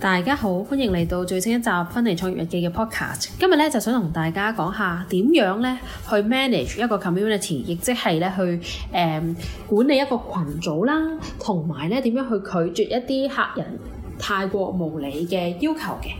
大家好，歡迎嚟到最新一集《芬尼創業日記》嘅 podcast。今日咧就想同大家講下點樣咧去 manage 一個 community，亦即係咧去誒、呃、管理一個群組啦，同埋咧點樣去拒絕一啲客人太過無理嘅要求嘅。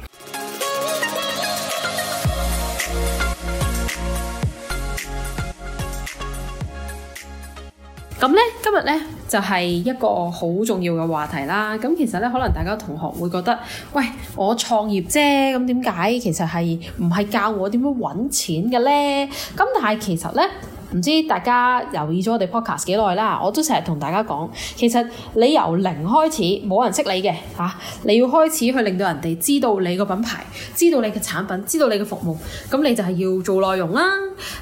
咁咧， 今日咧。就係一個好重要嘅話題啦。咁其實呢，可能大家同學會覺得，喂，我創業啫，咁點解其實係唔係教我點樣揾錢嘅咧？咁但係其實呢。唔知大家留意咗我哋 podcast 幾耐啦？我都成日同大家講，其實你由零開始冇人識你嘅吓，啊，你要開始去令到人哋知道你個品牌，知道你嘅產品，知道你嘅服務，咁你就係要做內容啦，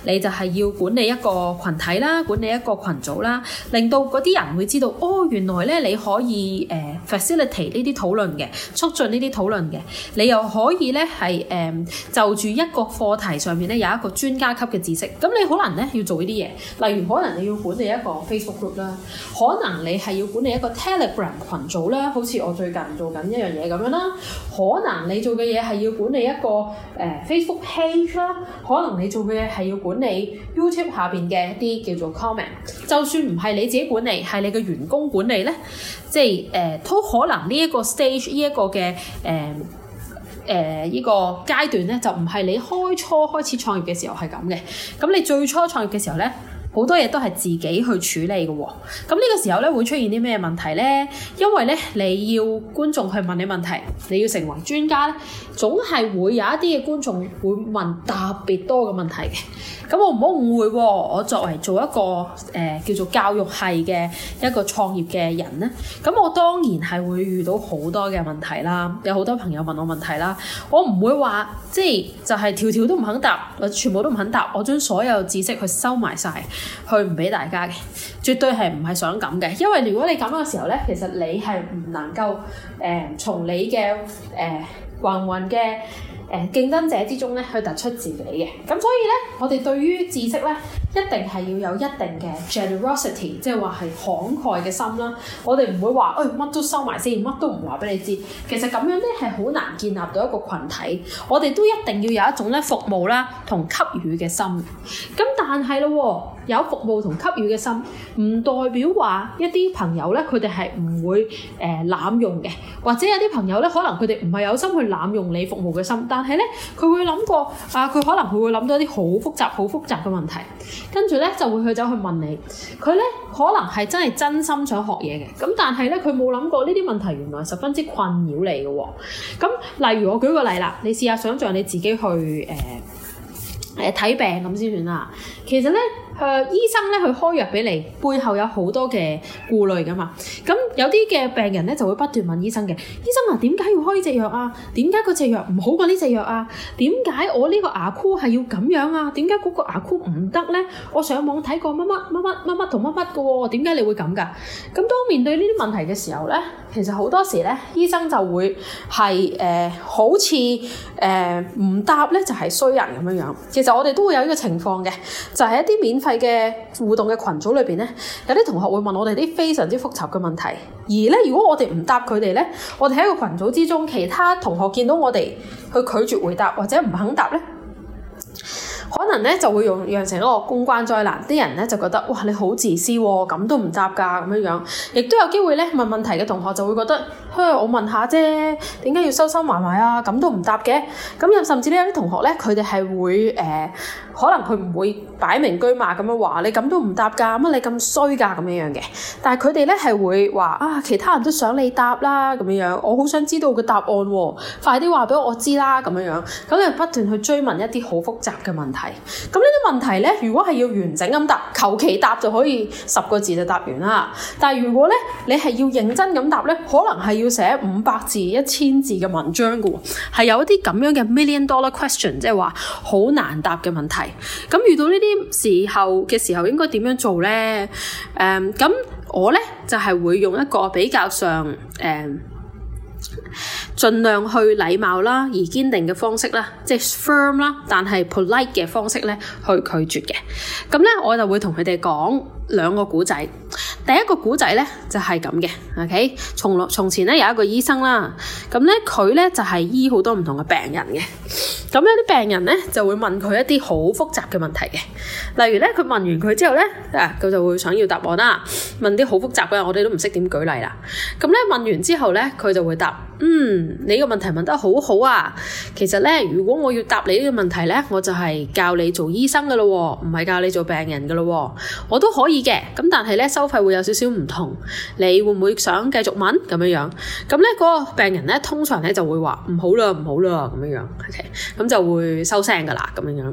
你就係要管理一個群體啦，管理一個群組啦，令到啲人會知道，哦，原來咧你可以誒、呃、facilitate 呢啲討論嘅，促進呢啲討論嘅，你又可以咧係誒就住一個課題上面咧有一個專家級嘅知識，咁你可能咧要做。啲嘢，例如可能你要管理一個 Facebook group 啦，可能你係要管理一個 Telegram 群組啦，好似我最近做緊一樣嘢咁樣啦，可能你做嘅嘢係要管理一個誒、呃、Facebook page 啦，可能你做嘅嘢係要管理 YouTube 下邊嘅一啲叫做 comment。就算唔係你自己管理，係你嘅員工管理咧，即係誒、呃、都可能呢一個 stage 呢一個嘅誒。呃誒呢個階段咧，就唔係你開初開始創業嘅時候係咁嘅。咁你最初創業嘅時候咧，好多嘢都係自己去處理嘅。哦，咁呢個時候咧，會出現啲咩問題呢？因為咧，你要觀眾去問你問題，你要成為專家咧，總係會有一啲嘅觀眾會問特別多嘅問題嘅。咁我唔好誤會。哦，我作為做一個誒、呃、叫做教育係嘅一個創業嘅人咧，咁我當然係會遇到好多嘅問題啦。有好多朋友問我問題啦，我唔會話即係就係條條都唔肯答，我全部都唔肯答，我將所有知識去收埋晒。去唔俾大家嘅，絕對係唔係想咁嘅。因為如果你咁樣嘅時候咧，其實你係唔能夠誒從你嘅誒芸芸嘅誒競爭者之中咧去突出自己嘅。咁所以咧，我哋對於知識咧，一定係要有一定嘅 generosity，即係話係慷慨嘅心啦。我哋唔會話誒乜都收埋先，乜都唔話俾你知。其實咁樣咧係好難建立到一個群體。我哋都一定要有一種咧服務啦同給予嘅心。咁但係咯。有服務同給予嘅心，唔代表話一啲朋友咧，佢哋係唔會誒、呃、濫用嘅，或者有啲朋友咧，可能佢哋唔係有心去濫用你服務嘅心，但係咧佢會諗過啊，佢可能佢會諗到一啲好複雜、好複雜嘅問題，跟住咧就會去走去問你，佢咧可能係真係真心想學嘢嘅，咁但係咧佢冇諗過呢啲問題原來十分之困擾你嘅喎、哦。咁、嗯、例如我舉個例啦，你試下想像你自己去誒誒睇病咁先算啦，其實咧。誒、呃、醫生咧，佢開藥俾你，背後有好多嘅顧慮噶嘛。咁有啲嘅病人咧，就會不斷問醫生嘅。醫生啊，點解要開呢隻藥啊？點解嗰隻藥唔好過呢隻藥啊？點解我呢個牙箍係要咁樣啊？點解嗰個牙箍唔得咧？我上網睇過乜乜乜乜乜乜同乜乜嘅喎，點解你會咁㗎？咁當面對呢啲問題嘅時候咧，其實好多時咧，醫生就會係誒、呃、好似誒唔答咧，就係衰人咁樣樣。其實我哋都會有呢個情況嘅，就係、是、一啲免費，係嘅互動嘅群組裏邊咧，有啲同學會問我哋啲非常之複雜嘅問題，而咧，如果我哋唔答佢哋咧，我哋喺個群組之中，其他同學見到我哋去拒絕回答或者唔肯答咧？可能咧就會用釀成一個公關災難，啲人咧就覺得哇你好自私喎，咁都唔答噶咁樣樣，亦都有機會咧問問題嘅同學就會覺得，我問下啫，點解要收收埋埋啊？咁都唔答嘅，咁又甚至呢，有啲同學咧佢哋係會誒、呃，可能佢唔會擺明車馬咁樣話你咁都唔答噶，乜你咁衰噶咁樣樣嘅，但係佢哋咧係會話啊，其他人都想你答啦咁樣樣，我好想知道嘅答案喎、啊，快啲話俾我知啦咁樣樣，咁你不斷去追問一啲好複雜嘅問題。係，咁呢啲問題咧，如果係要完整咁答，求其答就可以十個字就答完啦。但係如果咧，你係要認真咁答咧，可能係要寫五百字、一千字嘅文章嘅喎。係有一啲咁樣嘅 million dollar question，即係話好難答嘅問題。咁遇到呢啲時候嘅時候，時候應該點樣做咧？誒、嗯，咁我咧就係、是、會用一個比較上誒。嗯盡量去禮貌啦，而堅定嘅方式啦，即係 firm 啦，但係 polite 嘅方式咧，去拒絕嘅。咁咧，我就會同佢哋講。兩個故仔，第一個故仔咧就係咁嘅，OK？從來從前咧有一個醫生啦，咁咧佢咧就係醫好多唔同嘅病人嘅，咁有啲病人咧就會問佢一啲好複雜嘅問題嘅，例如咧佢問完佢之後咧，啊，佢就會想要答案啦，問啲好複雜嘅，我哋都唔識點舉例啦。咁咧問完之後咧，佢就會答：嗯，你個問題問得好好啊，其實咧如果我要答你呢個問題咧，我就係教你做醫生嘅咯，唔係教你做病人嘅咯，我都可以嘅，咁但係咧收費會有少少唔同，你會唔會想繼續問咁樣樣？咁咧個病人咧通常咧就會話唔好啦，唔好啦咁樣樣，OK，咁就會收聲噶啦，咁樣樣。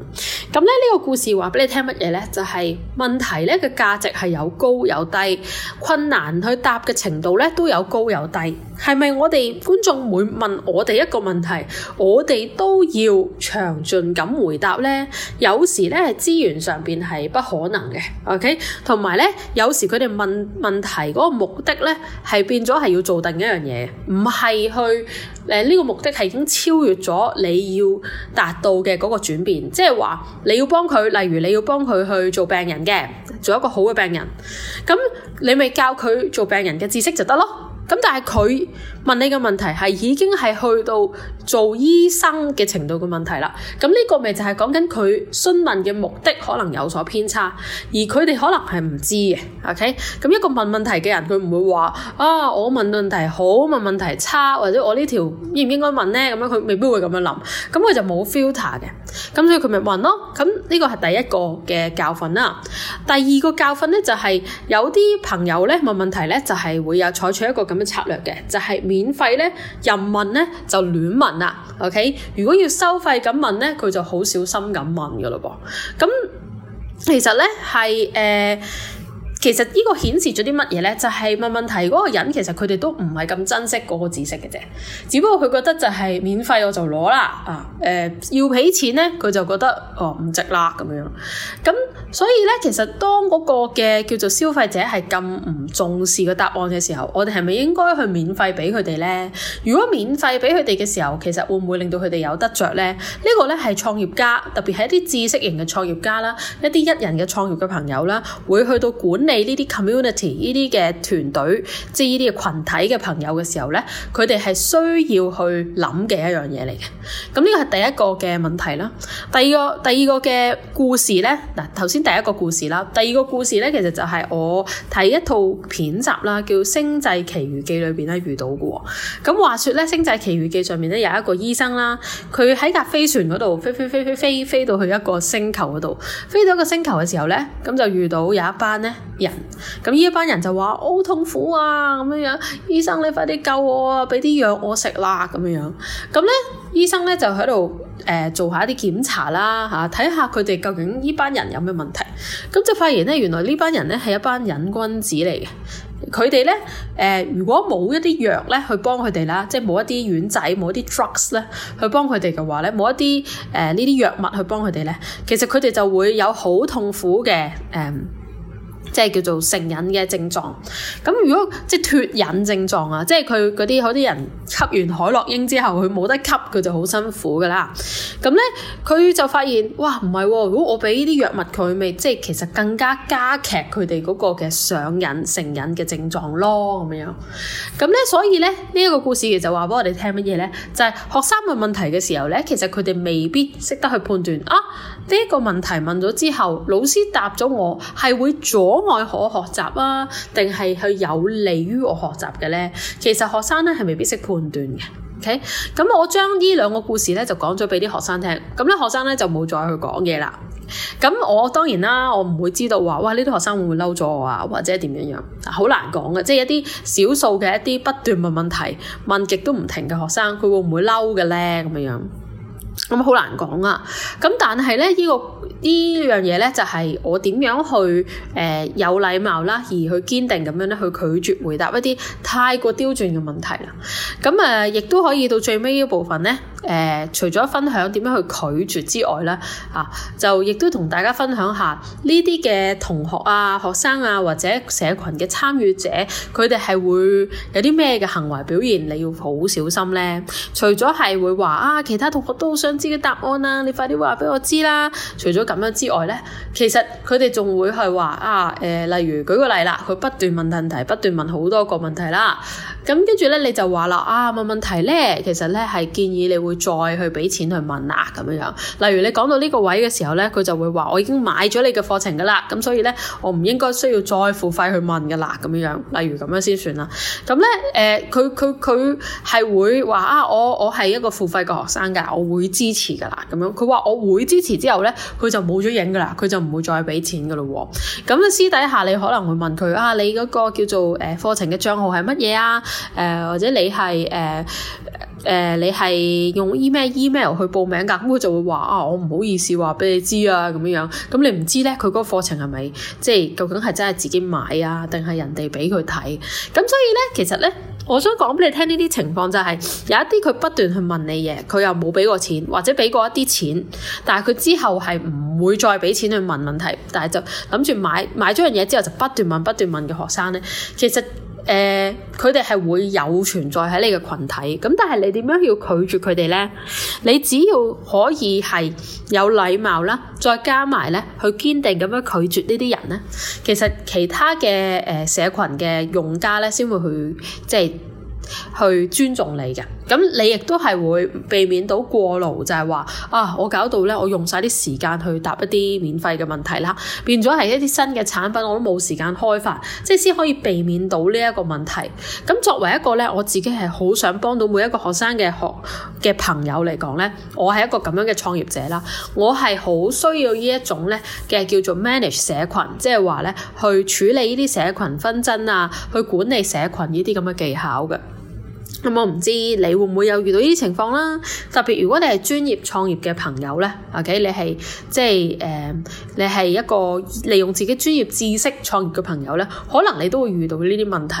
咁咧呢個故事話俾你聽乜嘢呢？就係問題咧嘅價值係有高有低，困難去答嘅程度咧都有高有低。係咪我哋觀眾每問我哋一個問題，我哋都要詳盡咁回答呢？有時咧資源上邊係不可能嘅，OK？同埋咧，有時佢哋問問題嗰個目的咧係變咗係要做定一樣嘢，唔係去誒，呢個目的係已經超越咗你要達到嘅嗰個轉變，即係話。你要幫佢，例如你要幫佢去做病人嘅，做一個好嘅病人，咁你咪教佢做病人嘅知識就得咯。咁但係佢問你嘅問題係已經係去到做醫生嘅程度嘅問題啦。咁呢個咪就係講緊佢詢問嘅目的可能有所偏差，而佢哋可能係唔知嘅。OK，咁一個問問題嘅人佢唔會話啊，我問問題好，問問題差，或者我呢條應唔應該問咧？咁樣佢未必會咁樣諗。咁佢就冇 filter 嘅。咁所以佢咪問咯。咁呢個係第一個嘅教訓啦。第二個教訓咧就係、是、有啲朋友咧問問題咧就係、是、會有採取一個。咁。咁嘅策略嘅，就係、是、免費咧，人問咧就亂問啦，OK？如果要收費咁問咧，佢就好小心咁問噶嘞噃。咁其實咧係誒。其實呢個顯示咗啲乜嘢呢？就係問問題嗰個人，其實佢哋都唔係咁珍惜嗰個知識嘅啫。只不過佢覺得就係免費我就攞啦啊！誒，要俾錢呢，佢就覺得哦唔值啦咁樣。咁所以呢，其實當嗰個嘅叫做消費者係咁唔重視個答案嘅時候，我哋係咪應該去免費俾佢哋呢？如果免費俾佢哋嘅時候，其實會唔會令到佢哋有得着呢？呢個呢係創業家，特別係一啲知識型嘅創業家啦，一啲一人嘅創業嘅朋友啦，會去到管理。喺呢啲 community 呢啲嘅團隊，即係呢啲嘅群體嘅朋友嘅時候咧，佢哋係需要去諗嘅一樣嘢嚟嘅。咁呢個係第一個嘅問題啦。第二個第二個嘅故事咧，嗱頭先第一個故事啦，第二個故事咧，其實就係我睇一套片集啦，叫《星際奇遇記》裏邊咧遇到嘅。咁話說咧，《星際奇遇記》上面咧有一個醫生啦，佢喺架飛船嗰度飛飛飛飛飛飛飛，飛到去一個星球嗰度，飛到一個星球嘅時候咧，咁就遇到有一班咧。咁呢一班人就話好、oh，痛苦啊，咁樣樣，樣，樣，醫生你快啲救我，啊，俾啲藥我食啦，咁樣樣。咁咧，醫生咧就喺度誒做下一啲檢查啦，吓睇下佢哋究竟呢班人有咩問題。咁就發現咧，原來呢班人咧係一班癮君子嚟嘅。佢哋咧誒，如果冇一啲藥咧去幫佢哋啦，即係冇一啲丸仔、冇一啲 drugs 咧去幫佢哋嘅話咧，冇一啲誒呢啲藥物去幫佢哋咧，其實佢哋就會有好痛苦嘅誒。嗯即係叫做成癮嘅症狀，咁如果即係脫癮症狀啊，即係佢嗰啲好啲人吸完海洛因之後，佢冇得吸，佢就好辛苦噶啦。咁咧，佢就發現哇，唔係、哦，如果我俾呢啲藥物佢咪，即係其實更加加劇佢哋嗰個嘅上癮成癮嘅症狀咯，咁樣。咁咧，所以咧呢一、這個故事其實話俾我哋聽乜嘢咧，就係、是、學生問問題嘅時候咧，其實佢哋未必識得去判斷啊呢一、這個問題問咗之後，老師答咗我係會阻。可愛可學習啊，定係佢有利於我學習嘅咧？其實學生咧係未必識判斷嘅。OK，咁我將呢兩個故事咧就講咗俾啲學生聽，咁咧學生咧就冇再去講嘢啦。咁我當然啦，我唔會知道話哇，呢啲學生會唔會嬲咗我啊，或者點樣樣，好難講嘅。即係一啲少數嘅一啲不斷問問題問極都唔停嘅學生，佢會唔會嬲嘅咧？咁樣樣。咁好、嗯、難講啊！咁但係咧，這個、呢個呢樣嘢咧，就係、是、我點樣去誒、呃、有禮貌啦，而去堅定咁樣咧去拒絕回答一啲太過刁鑽嘅問題啦。咁、嗯、啊、呃、亦都可以到最尾呢部分咧，誒、呃，除咗分享點樣去拒絕之外咧，啊，就亦都同大家分享下呢啲嘅同學啊、學生啊或者社群嘅參與者，佢哋係會有啲咩嘅行為表現，你要好小心咧。除咗係會話啊，其他同學都好想。知嘅答案啊，你快啲話俾我知啦。除咗咁樣之外咧，其實佢哋仲會係話啊，誒，例如舉個例啦，佢不斷問問題，不斷問好多個問題啦。咁跟住咧，你就話啦，啊冇問題咧，其實咧係建議你會再去俾錢去問啊，咁樣樣。例如你講到呢個位嘅時候咧，佢就會話：我已經買咗你嘅課程噶啦，咁所以咧，我唔應該需要再付費去問噶啦，咁樣樣。例如咁樣先算啦。咁咧，誒佢佢佢係會話啊，我我係一個付費嘅學生㗎，我會支持㗎啦，咁樣。佢話我會支持之後咧，佢就冇咗影㗎啦，佢就唔會再俾錢㗎咯。咁咧私底下你可能會問佢啊，你嗰個叫做誒課程嘅帳號係乜嘢啊？誒、呃、或者你係誒誒你係用 email email 去報名㗎，咁佢就會話啊，我唔好意思話俾你知啊咁樣樣。咁你唔知咧，佢嗰個課程係咪即係究竟係真係自己買啊，定係人哋俾佢睇？咁所以咧，其實咧，我想講俾你聽呢啲情況就係、是、有一啲佢不斷去問你嘢，佢又冇俾過錢，或者俾過一啲錢，但係佢之後係唔會再俾錢去問問題，但係就諗住買買咗樣嘢之後就不斷問不斷問嘅學生咧，其實。誒，佢哋係會有存在喺你嘅群體，咁但係你點樣要拒絕佢哋咧？你只要可以係有禮貌啦，再加埋咧，去堅定咁樣拒絕呢啲人咧，其實其他嘅誒社群嘅用家咧，先會去即係去尊重你嘅。咁你亦都係會避免到過勞，就係話啊，我搞到咧，我用晒啲時間去答一啲免費嘅問題啦，變咗係一啲新嘅產品我都冇時間開發，即係先可以避免到呢一個問題。咁作為一個咧，我自己係好想幫到每一個學生嘅學嘅朋友嚟講咧，我係一個咁樣嘅創業者啦，我係好需要呢一種咧嘅叫做 manage 社群，即係話咧去處理呢啲社群紛爭啊，去管理社群呢啲咁嘅技巧嘅。咁我唔知你會唔會有遇到呢啲情況啦，特別如果你係專業創業嘅朋友咧，OK 你係即係誒、呃，你係一個利用自己專業知識創業嘅朋友咧，可能你都會遇到呢啲問題。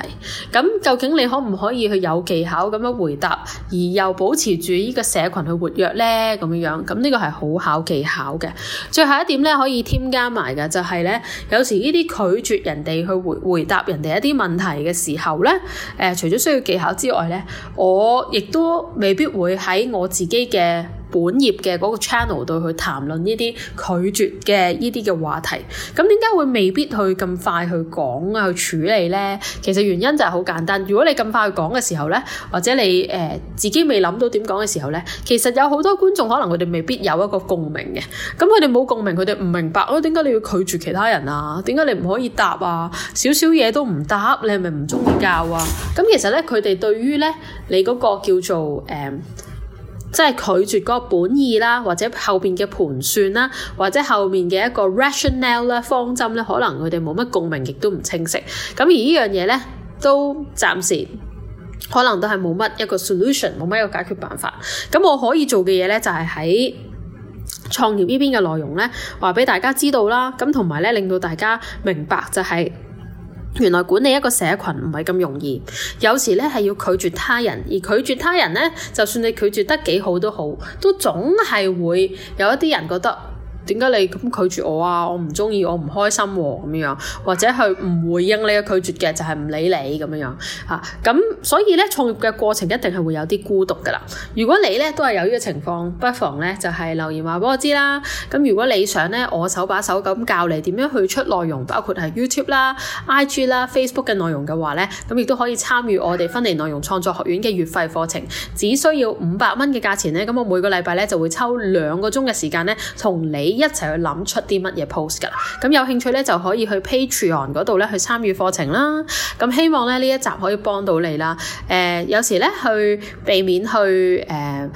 咁究竟你可唔可以去有技巧咁樣回答，而又保持住呢個社群去活躍咧？咁樣樣，咁呢個係好考技巧嘅。最後一點咧，可以添加埋嘅就係咧，有時呢啲拒絕人哋去回回答人哋一啲問題嘅時候咧，誒、呃，除咗需要技巧之外咧。我亦都未必會喺我自己嘅。本業嘅嗰個 channel 度去談論呢啲拒絕嘅呢啲嘅話題，咁點解會未必去咁快去講啊，去處理呢？其實原因就係好簡單，如果你咁快去講嘅時候呢，或者你誒、呃、自己未諗到點講嘅時候呢，其實有好多觀眾可能佢哋未必有一個共鳴嘅，咁佢哋冇共鳴，佢哋唔明白啊，點解你要拒絕其他人啊？點解你唔可以答啊？少少嘢都唔答，你係咪唔中意教啊？咁其實呢，佢哋對於呢，你嗰個叫做誒。呃即係拒絕嗰個本意啦，或者後面嘅盤算啦，或者後面嘅一個 rationale 啦，方針咧，可能佢哋冇乜共鳴，亦都唔清晰。咁而呢樣嘢咧，都暫時可能都係冇乜一個 solution，冇乜一個解決辦法。咁我可以做嘅嘢咧，就係喺創業呢邊嘅內容咧，話俾大家知道啦。咁同埋咧，令到大家明白就係。原來管理一個社群唔係咁容易，有時咧係要拒絕他人，而拒絕他人咧，就算你拒絕得幾好都好，都總係會有一啲人覺得。點解你咁拒絕我啊？我唔中意，我唔開心咁、啊、樣，或者係唔回應你嘅拒絕嘅，就係、是、唔理你咁樣吓。咁、啊、所以咧，創業嘅過程一定係會有啲孤獨噶啦。如果你咧都係有呢個情況，不妨咧就係、是、留言話俾我知啦。咁如果你想咧，我手把手咁教你點樣去出內容，包括係 YouTube 啦、IG 啦、Facebook 嘅內容嘅話咧，咁亦都可以參與我哋芬尼內容創作學院嘅月費課程，只需要五百蚊嘅價錢咧。咁我每個禮拜咧就會抽兩個鐘嘅時，時間咧，同你。一齊去諗出啲乜嘢 post 噶，咁有興趣咧就可以去 Patreon 嗰度咧去參與課程啦。咁希望咧呢一集可以幫到你啦。誒、呃，有時咧去避免去誒。呃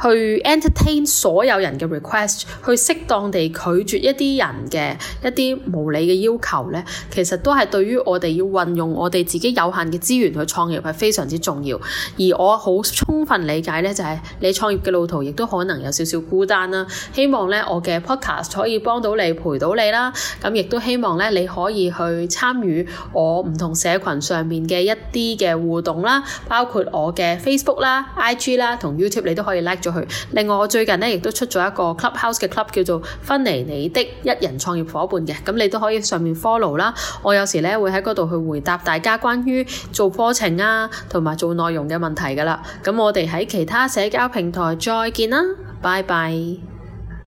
去 entertain 所有人嘅 request，去適當地拒絕一啲人嘅一啲無理嘅要求咧，其實都係對於我哋要運用我哋自己有限嘅資源去創業係非常之重要。而我好充分理解咧，就係你創業嘅路途亦都可能有少少孤單啦。希望咧我嘅 podcast 可以幫到你，陪到你啦。咁亦都希望咧你可以去參與我唔同社群上面嘅一啲嘅互動啦，包括我嘅 Facebook 啦、IG 啦同 YouTube，你都可以 like。另外，我最近咧亦都出咗一個 Clubhouse 嘅 Club，叫做芬尼你的一人創業伙伴嘅，咁你都可以上面 follow 啦。我有時咧會喺嗰度去回答大家關於做課程啊同埋做內容嘅問題噶啦。咁我哋喺其他社交平台再見啦，拜拜。